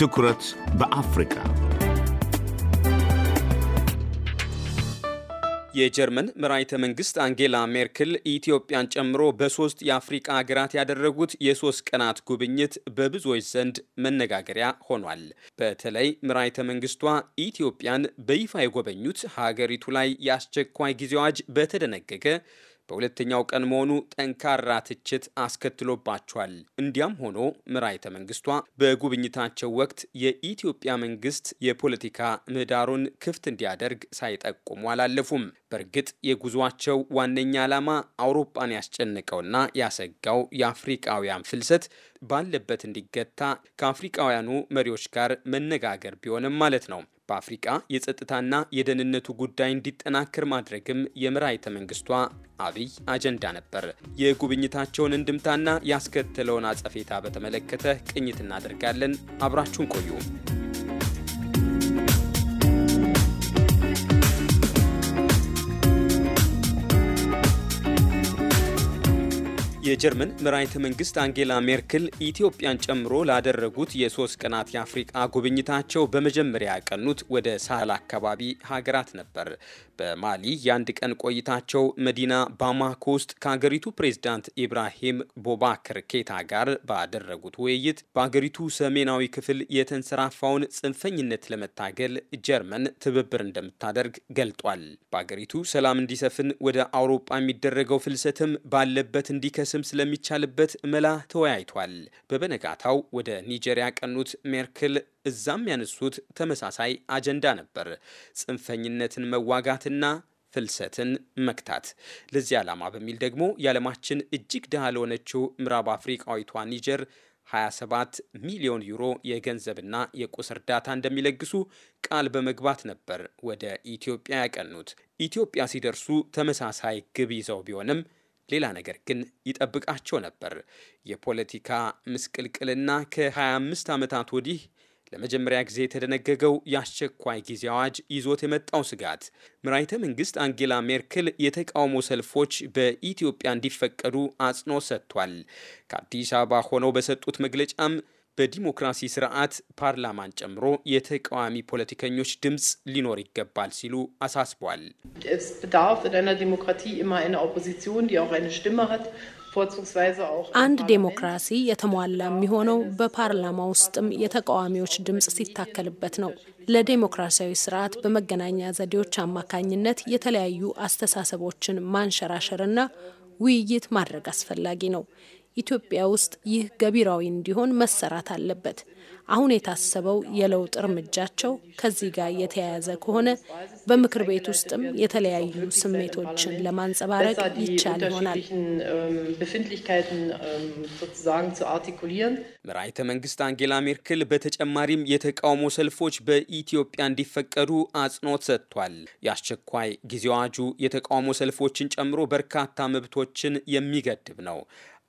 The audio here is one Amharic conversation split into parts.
ትኩረት በአፍሪካ የጀርመን መራሒተ መንግስት አንጌላ ሜርክል ኢትዮጵያን ጨምሮ በሶስት የአፍሪቃ ሀገራት ያደረጉት የሶስት ቀናት ጉብኝት በብዙዎች ዘንድ መነጋገሪያ ሆኗል። በተለይ መራሒተ መንግስቷ ኢትዮጵያን በይፋ የጎበኙት ሀገሪቱ ላይ የአስቸኳይ ጊዜ አዋጅ በተደነገገ በሁለተኛው ቀን መሆኑ ጠንካራ ትችት አስከትሎባቸዋል። እንዲያም ሆኖ ምራይተ መንግስቷ በጉብኝታቸው ወቅት የኢትዮጵያ መንግስት የፖለቲካ ምህዳሩን ክፍት እንዲያደርግ ሳይጠቁሙ አላለፉም። በእርግጥ የጉዟቸው ዋነኛ ዓላማ አውሮፓን ያስጨንቀውና ያሰጋው የአፍሪቃውያን ፍልሰት ባለበት እንዲገታ ከአፍሪቃውያኑ መሪዎች ጋር መነጋገር ቢሆንም ማለት ነው። በአፍሪቃ የጸጥታና የደህንነቱ ጉዳይ እንዲጠናከር ማድረግም የመራሒተ መንግስቷ አብይ አጀንዳ ነበር። የጉብኝታቸውን እንድምታና ያስከተለውን አጸፌታ በተመለከተ ቅኝት እናደርጋለን። አብራችሁን ቆዩ። የጀርመን መራሒተ መንግስት አንጌላ ሜርክል ኢትዮጵያን ጨምሮ ላደረጉት የሶስት ቀናት የአፍሪቃ ጉብኝታቸው በመጀመሪያ ያቀኑት ወደ ሳህል አካባቢ ሀገራት ነበር። በማሊ የአንድ ቀን ቆይታቸው መዲና ባማኮ ውስጥ ከሀገሪቱ ፕሬዝዳንት ኢብራሂም ቦባክር ኬታ ጋር ባደረጉት ውይይት በሀገሪቱ ሰሜናዊ ክፍል የተንሰራፋውን ጽንፈኝነት ለመታገል ጀርመን ትብብር እንደምታደርግ ገልጧል። በሀገሪቱ ሰላም እንዲሰፍን ወደ አውሮፓ የሚደረገው ፍልሰትም ባለበት እንዲከስም ስለሚቻልበት መላ ተወያይቷል። በበነጋታው ወደ ኒጀሪያ ቀኑት ሜርክል እዛም ያነሱት ተመሳሳይ አጀንዳ ነበር፣ ጽንፈኝነትን መዋጋትና ፍልሰትን መክታት። ለዚህ ዓላማ በሚል ደግሞ የዓለማችን እጅግ ድሃ ለሆነችው ምዕራብ አፍሪቃዊቷ ኒጀር 27 ሚሊዮን ዩሮ የገንዘብና የቁስ እርዳታ እንደሚለግሱ ቃል በመግባት ነበር ወደ ኢትዮጵያ ያቀኑት። ኢትዮጵያ ሲደርሱ ተመሳሳይ ግብ ይዘው ቢሆንም ሌላ ነገር ግን ይጠብቃቸው ነበር። የፖለቲካ ምስቅልቅልና ከ25 ዓመታት ወዲህ ለመጀመሪያ ጊዜ የተደነገገው የአስቸኳይ ጊዜ አዋጅ ይዞት የመጣው ስጋት መራሒተ መንግስት አንጌላ ሜርክል የተቃውሞ ሰልፎች በኢትዮጵያ እንዲፈቀዱ አጽንኦት ሰጥቷል። ከአዲስ አበባ ሆነው በሰጡት መግለጫም በዲሞክራሲ ስርዓት ፓርላማን ጨምሮ የተቃዋሚ ፖለቲከኞች ድምፅ ሊኖር ይገባል ሲሉ አሳስቧል። አንድ ዴሞክራሲ የተሟላ የሚሆነው በፓርላማ ውስጥም የተቃዋሚዎች ድምፅ ሲታከልበት ነው። ለዴሞክራሲያዊ ስርዓት በመገናኛ ዘዴዎች አማካኝነት የተለያዩ አስተሳሰቦችን ማንሸራሸርና ውይይት ማድረግ አስፈላጊ ነው። ኢትዮጵያ ውስጥ ይህ ገቢራዊ እንዲሆን መሰራት አለበት። አሁን የታሰበው የለውጥ እርምጃቸው ከዚህ ጋር የተያያዘ ከሆነ በምክር ቤት ውስጥም የተለያዩ ስሜቶችን ለማንጸባረቅ ይቻል ይሆናል። መራሒተ መንግስት አንጌላ ሜርክል በተጨማሪም የተቃውሞ ሰልፎች በኢትዮጵያ እንዲፈቀዱ አጽንኦት ሰጥቷል። የአስቸኳይ ጊዜ አዋጁ የተቃውሞ ሰልፎችን ጨምሮ በርካታ መብቶችን የሚገድብ ነው።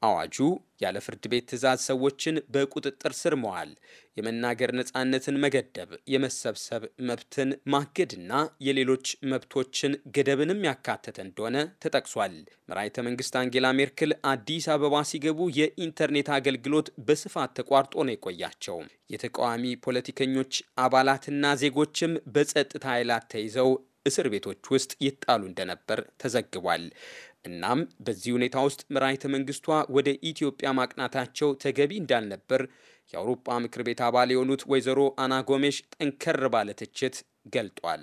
አዋጁ ያለ ፍርድ ቤት ትዕዛዝ ሰዎችን በቁጥጥር ስር መዋል፣ የመናገር ነፃነትን መገደብ፣ የመሰብሰብ መብትን ማገድና የሌሎች መብቶችን ገደብንም ያካተተ እንደሆነ ተጠቅሷል። መራሒተ መንግስት አንጌላ ሜርክል አዲስ አበባ ሲገቡ የኢንተርኔት አገልግሎት በስፋት ተቋርጦ ነው የቆያቸው። የተቃዋሚ ፖለቲከኞች አባላትና ዜጎችም በጸጥታ ኃይላት ተይዘው እስር ቤቶች ውስጥ ይጣሉ እንደነበር ተዘግቧል። እናም በዚህ ሁኔታ ውስጥ መራሒተ መንግስቷ ወደ ኢትዮጵያ ማቅናታቸው ተገቢ እንዳልነበር የአውሮፓ ምክር ቤት አባል የሆኑት ወይዘሮ አና ጎሜሽ ጠንከር ባለ ትችት ገልጧል።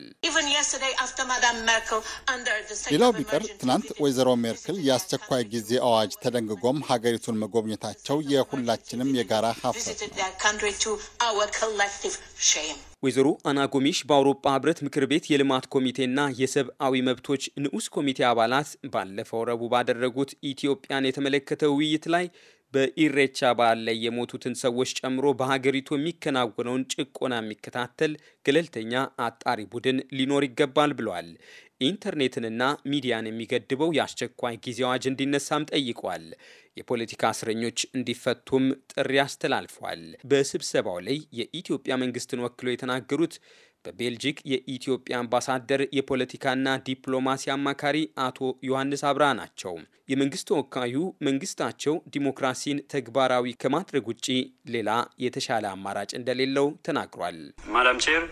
ሌላው ቢቀር ትናንት ወይዘሮ ሜርክል የአስቸኳይ ጊዜ አዋጅ ተደንግጎም ሀገሪቱን መጎብኘታቸው የሁላችንም የጋራ ሀፍረት ነው። ወይዘሮ አና ጎሚሽ በአውሮፓ ህብረት ምክር ቤት የልማት ኮሚቴና የሰብአዊ መብቶች ንዑስ ኮሚቴ አባላት ባለፈው ረቡዕ ባደረጉት ኢትዮጵያን የተመለከተ ውይይት ላይ በኢሬቻ በዓል ላይ የሞቱትን ሰዎች ጨምሮ በሀገሪቱ የሚከናወነውን ጭቆና የሚከታተል ገለልተኛ አጣሪ ቡድን ሊኖር ይገባል ብለዋል። ኢንተርኔትንና ሚዲያን የሚገድበው የአስቸኳይ ጊዜ አዋጅ እንዲነሳም ጠይቋል። የፖለቲካ እስረኞች እንዲፈቱም ጥሪ አስተላልፏል። በስብሰባው ላይ የኢትዮጵያ መንግስትን ወክለው የተናገሩት በቤልጂክ የኢትዮጵያ አምባሳደር የፖለቲካና ዲፕሎማሲ አማካሪ አቶ ዮሐንስ አብራ ናቸው። የመንግስት ተወካዩ መንግስታቸው ዲሞክራሲን ተግባራዊ ከማድረግ ውጪ ሌላ የተሻለ አማራጭ እንደሌለው ተናግሯል። ማዳም ቼር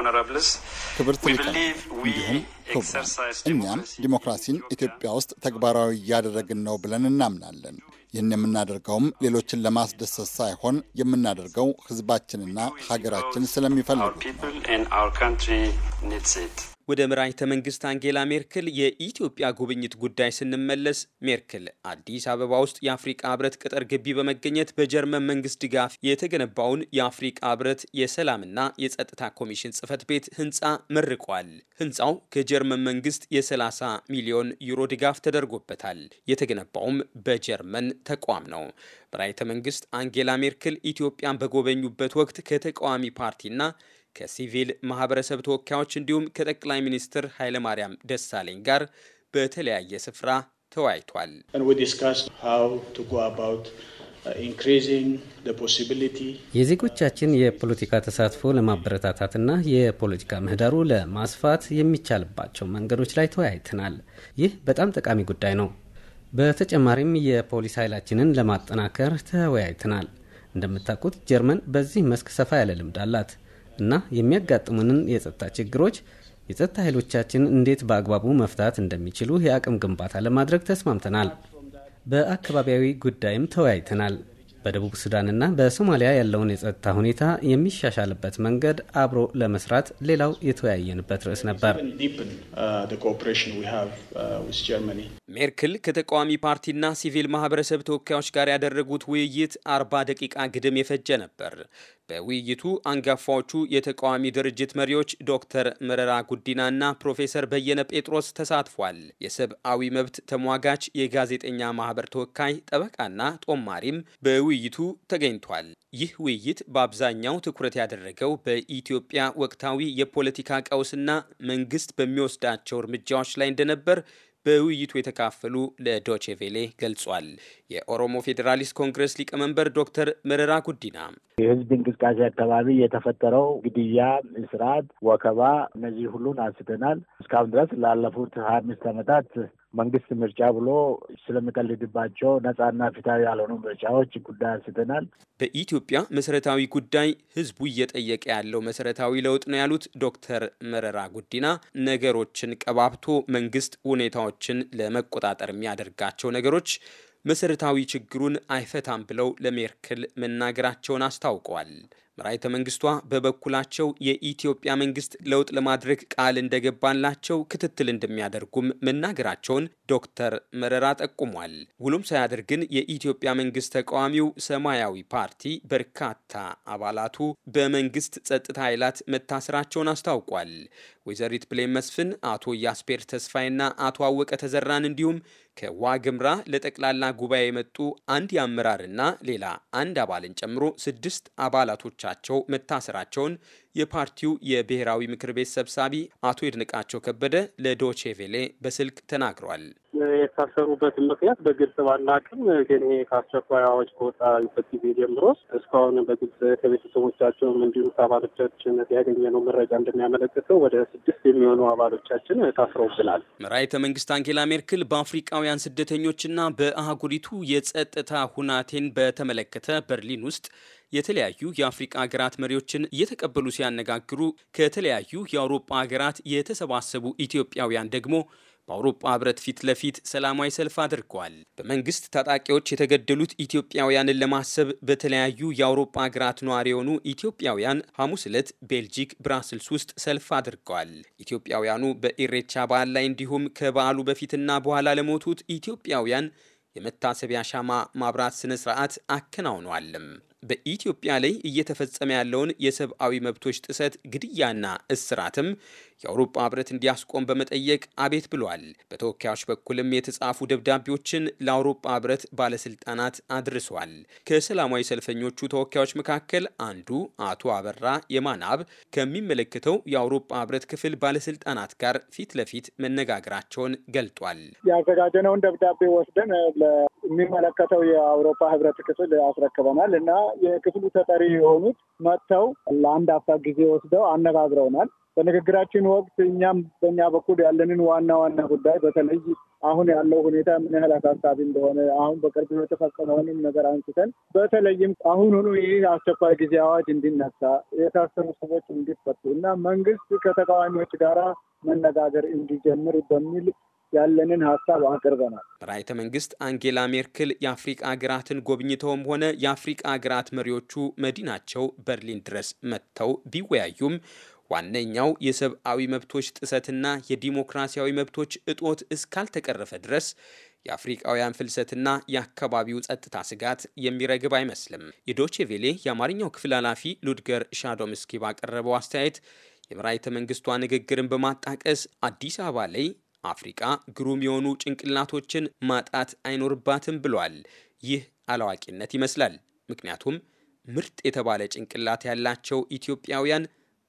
ኦነራብልስ ክብርት እንዲሁም ፕሮግራም እኛም ዲሞክራሲን ኢትዮጵያ ውስጥ ተግባራዊ እያደረግን ነው ብለን እናምናለን። ይህን የምናደርገውም ሌሎችን ለማስደሰት ሳይሆን የምናደርገው ህዝባችንና ሀገራችን ስለሚፈልጉ ወደ መራሒተ መንግስት አንጌላ ሜርክል የኢትዮጵያ ጉብኝት ጉዳይ ስንመለስ ሜርክል አዲስ አበባ ውስጥ የአፍሪቃ ህብረት ቅጥር ግቢ በመገኘት በጀርመን መንግስት ድጋፍ የተገነባውን የአፍሪቃ ህብረት የሰላምና የጸጥታ ኮሚሽን ጽህፈት ቤት ህንፃ መርቋል። ህንፃው ከጀርመን መንግስት የ30 ሚሊዮን ዩሮ ድጋፍ ተደርጎበታል። የተገነባውም በጀርመን ተቋም ነው። መራሒተ መንግስት አንጌላ ሜርክል ኢትዮጵያን በጎበኙበት ወቅት ከተቃዋሚ ፓርቲና ከሲቪል ማህበረሰብ ተወካዮች እንዲሁም ከጠቅላይ ሚኒስትር ኃይለማርያም ደሳለኝ ጋር በተለያየ ስፍራ ተወያይቷል። uh, የዜጎቻችን የፖለቲካ ተሳትፎ ለማበረታታትና የፖለቲካ ምህዳሩ ለማስፋት የሚቻልባቸው መንገዶች ላይ ተወያይተናል። ይህ በጣም ጠቃሚ ጉዳይ ነው። በተጨማሪም የፖሊስ ኃይላችንን ለማጠናከር ተወያይተናል። እንደምታውቁት ጀርመን በዚህ መስክ ሰፋ ያለ ልምድ አላት። እና የሚያጋጥሙንን የጸጥታ ችግሮች የጸጥታ ኃይሎቻችን እንዴት በአግባቡ መፍታት እንደሚችሉ የአቅም ግንባታ ለማድረግ ተስማምተናል። በአካባቢያዊ ጉዳይም ተወያይተናል። በደቡብ ሱዳንና በሶማሊያ ያለውን የጸጥታ ሁኔታ የሚሻሻልበት መንገድ አብሮ ለመስራት ሌላው የተወያየንበት ርዕስ ነበር። ሜርክል ከተቃዋሚ ፓርቲና ሲቪል ማህበረሰብ ተወካዮች ጋር ያደረጉት ውይይት አርባ ደቂቃ ግድም የፈጀ ነበር። በውይይቱ አንጋፋዎቹ የተቃዋሚ ድርጅት መሪዎች ዶክተር መረራ ጉዲናና ፕሮፌሰር በየነ ጴጥሮስ ተሳትፏል። የሰብአዊ መብት ተሟጋች የጋዜጠኛ ማህበር ተወካይ ጠበቃና ጦማሪም በውይይቱ ተገኝቷል። ይህ ውይይት በአብዛኛው ትኩረት ያደረገው በኢትዮጵያ ወቅታዊ የፖለቲካ ቀውስና መንግስት በሚወስዳቸው እርምጃዎች ላይ እንደነበር በውይይቱ የተካፈሉ ቬሌ ገልጿል። የኦሮሞ ፌዴራሊስት ኮንግረስ ሊቀመንበር ዶክተር መረራ ጉዲና የህዝብ እንቅስቃሴ አካባቢ የተፈጠረው ግድያ፣ እስራት፣ ወከባ እነዚህ ሁሉን አንስተናል። እስካሁን ድረስ ላለፉት ሀያ አምስት ዓመታት መንግስት ምርጫ ብሎ ስለሚቀልድባቸው ነጻና ፍትሐዊ ያልሆኑ ምርጫዎች ጉዳይ አንስተናል። በኢትዮጵያ መሰረታዊ ጉዳይ ህዝቡ እየጠየቀ ያለው መሰረታዊ ለውጥ ነው ያሉት ዶክተር መረራ ጉዲና ነገሮችን ቀባብቶ መንግስት ሁኔታዎችን ለመቆጣጠር የሚያደርጋቸው ነገሮች መሰረታዊ ችግሩን አይፈታም ብለው ለሜርክል መናገራቸውን አስታውቀዋል። መራይተ መንግስቷ በበኩላቸው የኢትዮጵያ መንግስት ለውጥ ለማድረግ ቃል እንደገባላቸው ክትትል እንደሚያደርጉም መናገራቸውን ዶክተር መረራ ጠቁሟል። ውሉም ሳያድር ግን የኢትዮጵያ መንግስት ተቃዋሚው ሰማያዊ ፓርቲ በርካታ አባላቱ በመንግስት ጸጥታ ኃይላት መታሰራቸውን አስታውቋል። ወይዘሪት ብሌን መስፍን፣ አቶ ያስፔር ተስፋይና አቶ አወቀ ተዘራን እንዲሁም ከዋግምራ ለጠቅላላ ጉባኤ የመጡ አንድ የአመራርና ሌላ አንድ አባልን ጨምሮ ስድስት አባላቶች አባላቶቻቸው መታሰራቸውን የፓርቲው የብሔራዊ ምክር ቤት ሰብሳቢ አቶ ይድንቃቸው ከበደ ለዶቼ ቬሌ በስልክ ተናግሯል። የታሰሩበት ምክንያት በግልጽ ባናቅም ግን ይሄ ከአስቸኳይ አዋጅ ከወጣበት ጊዜ ጀምሮ እስካሁን በግልጽ ከቤተሰቦቻቸውም እንዲሁም ከአባሎቻችን ያገኘነው መረጃ እንደሚያመለክተው ወደ ስድስት የሚሆኑ አባሎቻችን ታስረውብናል። መራሒተ መንግስት አንጌላ ሜርክል በአፍሪቃውያን ስደተኞችና በአህጉሪቱ የጸጥታ ሁናቴን በተመለከተ በርሊን ውስጥ የተለያዩ የአፍሪቃ ሀገራት መሪዎችን እየተቀበሉ ሲያነጋግሩ ከተለያዩ የአውሮፓ ሀገራት የተሰባሰቡ ኢትዮጵያውያን ደግሞ በአውሮፓ ህብረት ፊት ለፊት ሰላማዊ ሰልፍ አድርገዋል። በመንግስት ታጣቂዎች የተገደሉት ኢትዮጵያውያንን ለማሰብ በተለያዩ የአውሮፓ ሀገራት ነዋሪ የሆኑ ኢትዮጵያውያን ሐሙስ ዕለት ቤልጂክ ብራስልስ ውስጥ ሰልፍ አድርገዋል። ኢትዮጵያውያኑ በኢሬቻ በዓል ላይ እንዲሁም ከበዓሉ በፊትና በኋላ ለሞቱት ኢትዮጵያውያን የመታሰቢያ ሻማ ማብራት ስነ ስርዓት አከናውነዋልም። በኢትዮጵያ ላይ እየተፈጸመ ያለውን የሰብአዊ መብቶች ጥሰት ግድያና እስራትም የአውሮፓ ህብረት እንዲያስቆም በመጠየቅ አቤት ብሏል። በተወካዮች በኩልም የተጻፉ ደብዳቤዎችን ለአውሮፓ ህብረት ባለስልጣናት አድርሷል። ከሰላማዊ ሰልፈኞቹ ተወካዮች መካከል አንዱ አቶ አበራ የማናብ ከሚመለከተው የአውሮፓ ህብረት ክፍል ባለስልጣናት ጋር ፊት ለፊት መነጋገራቸውን ገልጧል። ያዘጋጀነውን ደብዳቤ ወስደን የሚመለከተው የአውሮፓ ህብረት ክፍል አስረክበናል እና የክፍሉ ተጠሪ የሆኑት መጥተው ለአንድ አፍታ ጊዜ ወስደው አነጋግረውናል። በንግግራችን ወቅት እኛም በእኛ በኩል ያለንን ዋና ዋና ጉዳይ በተለይ አሁን ያለው ሁኔታ ምን ያህል አሳሳቢ እንደሆነ አሁን በቅርብ የተፈጸመውንም ነገር አንስተን በተለይም አሁን ይህ አስቸኳይ ጊዜ አዋጅ እንዲነሳ፣ የታሰሩ ሰዎች እንዲፈቱ እና መንግስት ከተቃዋሚዎች ጋራ መነጋገር እንዲጀምር በሚል ያለንን ሀሳብ አቅርበናል። ራይተ መንግስት አንጌላ ሜርክል የአፍሪቃ ሀገራትን ጎብኝተውም ሆነ የአፍሪቃ ሀገራት መሪዎቹ መዲናቸው በርሊን ድረስ መጥተው ቢወያዩም ዋነኛው የሰብአዊ መብቶች ጥሰትና የዲሞክራሲያዊ መብቶች እጦት እስካልተቀረፈ ድረስ የአፍሪቃውያን ፍልሰትና የአካባቢው ጸጥታ ስጋት የሚረግብ አይመስልም። የዶቼ ቬሌ የአማርኛው ክፍል ኃላፊ ሉድገር ሻዶምስኪ ባቀረበው አስተያየት የመራሒተ መንግስቷ ንግግርን በማጣቀስ አዲስ አበባ ላይ አፍሪቃ ግሩም የሆኑ ጭንቅላቶችን ማጣት አይኖርባትም ብሏል። ይህ አላዋቂነት ይመስላል። ምክንያቱም ምርጥ የተባለ ጭንቅላት ያላቸው ኢትዮጵያውያን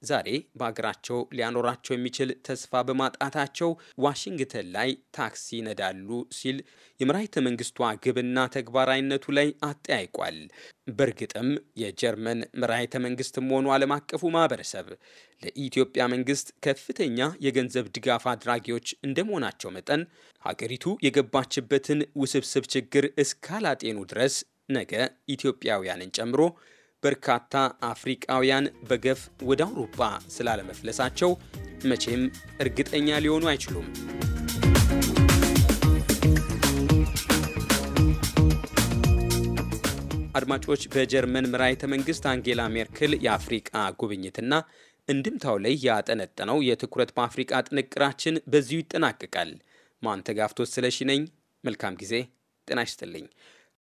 ዛሬ በአገራቸው ሊያኖራቸው የሚችል ተስፋ በማጣታቸው ዋሽንግተን ላይ ታክሲ ይነዳሉ ሲል የመራሒተ መንግስቷ ግብና ተግባራዊነቱ ላይ አጠያይቋል። በእርግጥም የጀርመን መራሒተ መንግስትም ሆኑ ዓለም አቀፉ ማህበረሰብ ለኢትዮጵያ መንግስት ከፍተኛ የገንዘብ ድጋፍ አድራጊዎች እንደመሆናቸው መጠን ሀገሪቱ የገባችበትን ውስብስብ ችግር እስካላጤኑ ድረስ ነገ ኢትዮጵያውያንን ጨምሮ በርካታ አፍሪቃውያን በገፍ ወደ አውሮፓ ስላለመፍለሳቸው መቼም እርግጠኛ ሊሆኑ አይችሉም። አድማጮች፣ በጀርመን መራሒተ መንግስት አንጌላ ሜርክል የአፍሪቃ ጉብኝትና እንድምታው ላይ ያጠነጠነው የትኩረት በአፍሪቃ ጥንቅራችን በዚሁ ይጠናቀቃል። ማንተጋፍቶት ስለሺ ነኝ። መልካም ጊዜ። ጤና ይስጥልኝ።